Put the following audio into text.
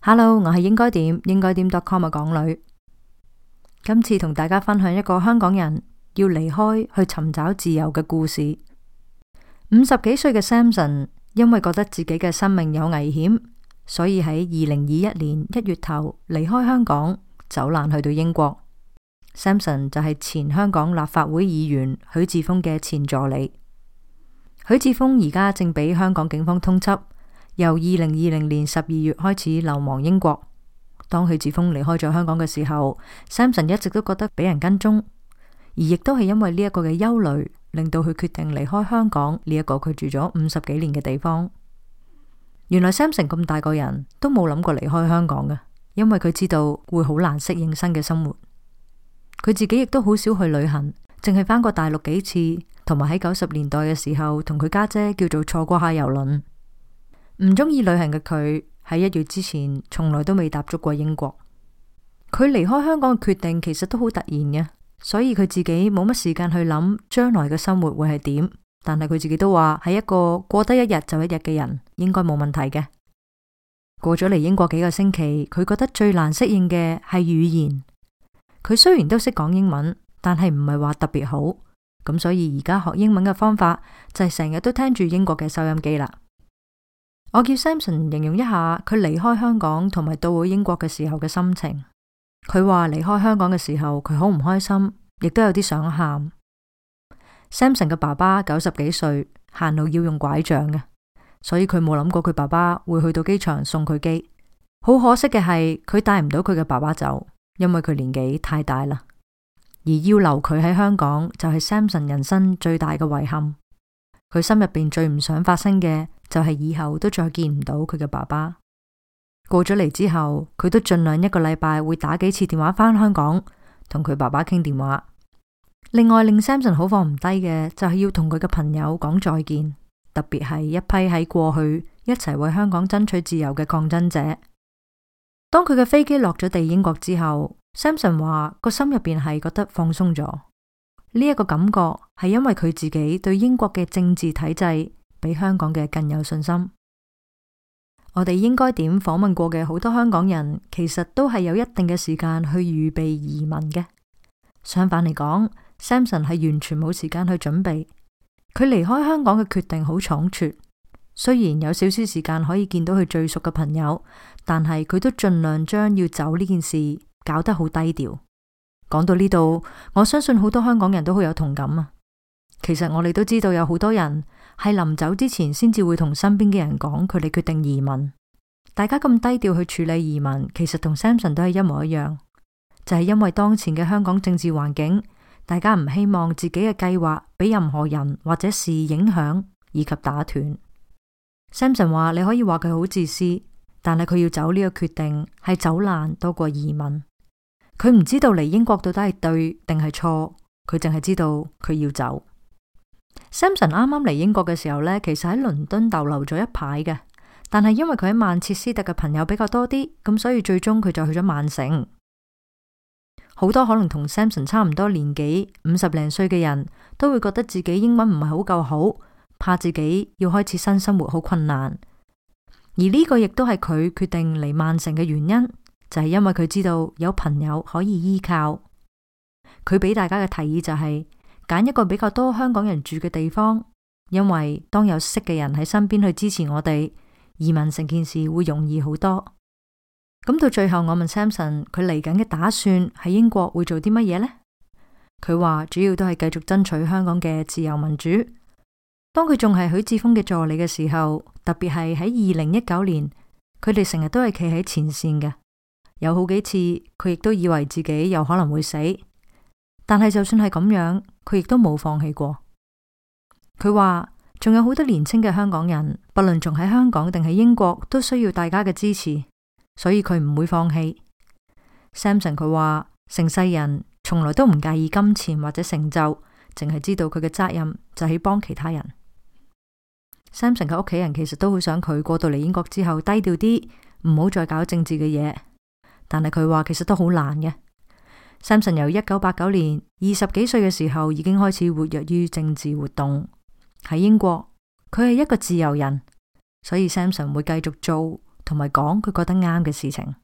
Hello，我係應該點應該點 .com 嘅港女，今次同大家分享一個香港人要離開去尋找自由嘅故事。五十幾歲嘅 Samson 因為覺得自己嘅生命有危險，所以喺二零二一年一月頭離開香港，走難去到英國。Samson 就係前香港立法會議員許智峯嘅前助理。許智峰而家正俾香港警方通緝。由二零二零年十二月開始流亡英國。當許志峰離開咗香港嘅時候，Samson 一直都覺得俾人跟蹤，而亦都係因為呢一個嘅憂慮，令到佢決定離開香港呢一個佢住咗五十幾年嘅地方。原來 Samson 咁大個人都冇諗過離開香港嘅，因為佢知道會好難適應新嘅生活。佢自己亦都好少去旅行，淨係返過大陸幾次，同埋喺九十年代嘅時候同佢家姐叫做坐過下遊輪。唔中意旅行嘅佢喺一月之前從來都未踏足過英國。佢離開香港嘅決定其實都好突然嘅，所以佢自己冇乜時間去諗將來嘅生活會係點。但係佢自己都話係一個過得一日就一日嘅人，應該冇問題嘅。過咗嚟英國幾個星期，佢覺得最難適應嘅係語言。佢雖然都識講英文，但係唔係話特別好咁，所以而家學英文嘅方法就係成日都聽住英國嘅收音機啦。我叫 Samson 形容一下佢離開香港同埋到去英國嘅時候嘅心情。佢話離開香港嘅時候，佢好唔開心，亦都有啲想喊。Samson 嘅爸爸九十幾歲，行路要用拐杖嘅，所以佢冇諗過佢爸爸會去到機場送佢機。好可惜嘅係，佢帶唔到佢嘅爸爸走，因為佢年紀太大啦。而要留佢喺香港，就係、是、Samson 人生最大嘅遺憾。佢心入邊最唔想發生嘅就係以後都再見唔到佢嘅爸爸。過咗嚟之後，佢都盡量一個禮拜會打幾次電話返香港，同佢爸爸傾電話。另外，令 Samson 好放唔低嘅就係要同佢嘅朋友講再見，特別係一批喺過去一齊為香港爭取自由嘅抗爭者。當佢嘅飛機落咗地英國之後，Samson 話個心入邊係覺得放鬆咗。呢一個感覺係因為佢自己對英國嘅政治體制比香港嘅更有信心。我哋應該點，訪問過嘅好多香港人，其實都係有一定嘅時間去預備移民嘅。相反嚟講，Samson 係完全冇時間去準備。佢離開香港嘅決定好倉促，雖然有少少時、時間可以見到佢最熟嘅朋友，但係佢都盡量將要走呢件事搞得好低調。講到呢度，我相信好多香港人都好有同感啊！其實我哋都知道有好多人係臨走之前先至會同身邊嘅人講佢哋決定移民。大家咁低調去處理移民，其實同 Samson 都係一模一樣，就係因為當前嘅香港政治環境，大家唔希望自己嘅計劃俾任何人或者事影響以及打斷。Samson 話：你可以話佢好自私，但係佢要走呢個決定係走難多過移民。佢唔知道嚟英國到底係對定係錯，佢淨係知道佢要走。Samson 啱啱嚟英國嘅時候呢，其實喺倫敦逗留咗一排嘅，但係因為佢喺曼徹斯特嘅朋友比較多啲，咁所以最終佢就去咗曼城。好多可能同 Samson 差唔多年紀五十零歲嘅人都會覺得自己英文唔係好夠好，怕自己要開始新生活好困難，而呢個亦都係佢決定嚟曼城嘅原因。就係因為佢知道有朋友可以依靠，佢俾大家嘅提議就係揀一個比較多香港人住嘅地方，因為當有識嘅人喺身邊去支持我哋，移民成件事會容易好多。咁到最後，我問 Samson 佢嚟緊嘅打算喺英國會做啲乜嘢呢？佢話主要都係繼續爭取香港嘅自由民主。當佢仲係許智峰嘅助理嘅時候，特別係喺二零一九年，佢哋成日都係企喺前線嘅。有好幾次，佢亦都以為自己有可能會死，但係就算係咁樣，佢亦都冇放棄過。佢話仲有好多年青嘅香港人，不論仲喺香港定係英國，都需要大家嘅支持，所以佢唔會放棄。Samson 佢話成世人從來都唔介意金錢或者成就，淨係知道佢嘅責任就係幫其他人。Samson 嘅屋企人其實都好想佢過到嚟英國之後低調啲，唔好再搞政治嘅嘢。但係佢話其實都好難嘅。Samson 由一九八九年二十幾歲嘅時候已經開始活躍於政治活動，喺英國，佢係一個自由人，所以 Samson 會繼續做同埋講佢覺得啱嘅事情。